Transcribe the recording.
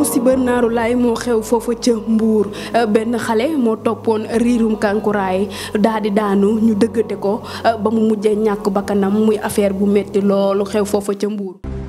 musiba naaru laay moo xew foofa ca mbuur euh, benn xale moo toppoon riirum kankuraay daal di daanu ñu dëggate ko euh, ba mu mujjee ñàkk bakkanam muy affaire bu metti loolu xew foofa ca mbuur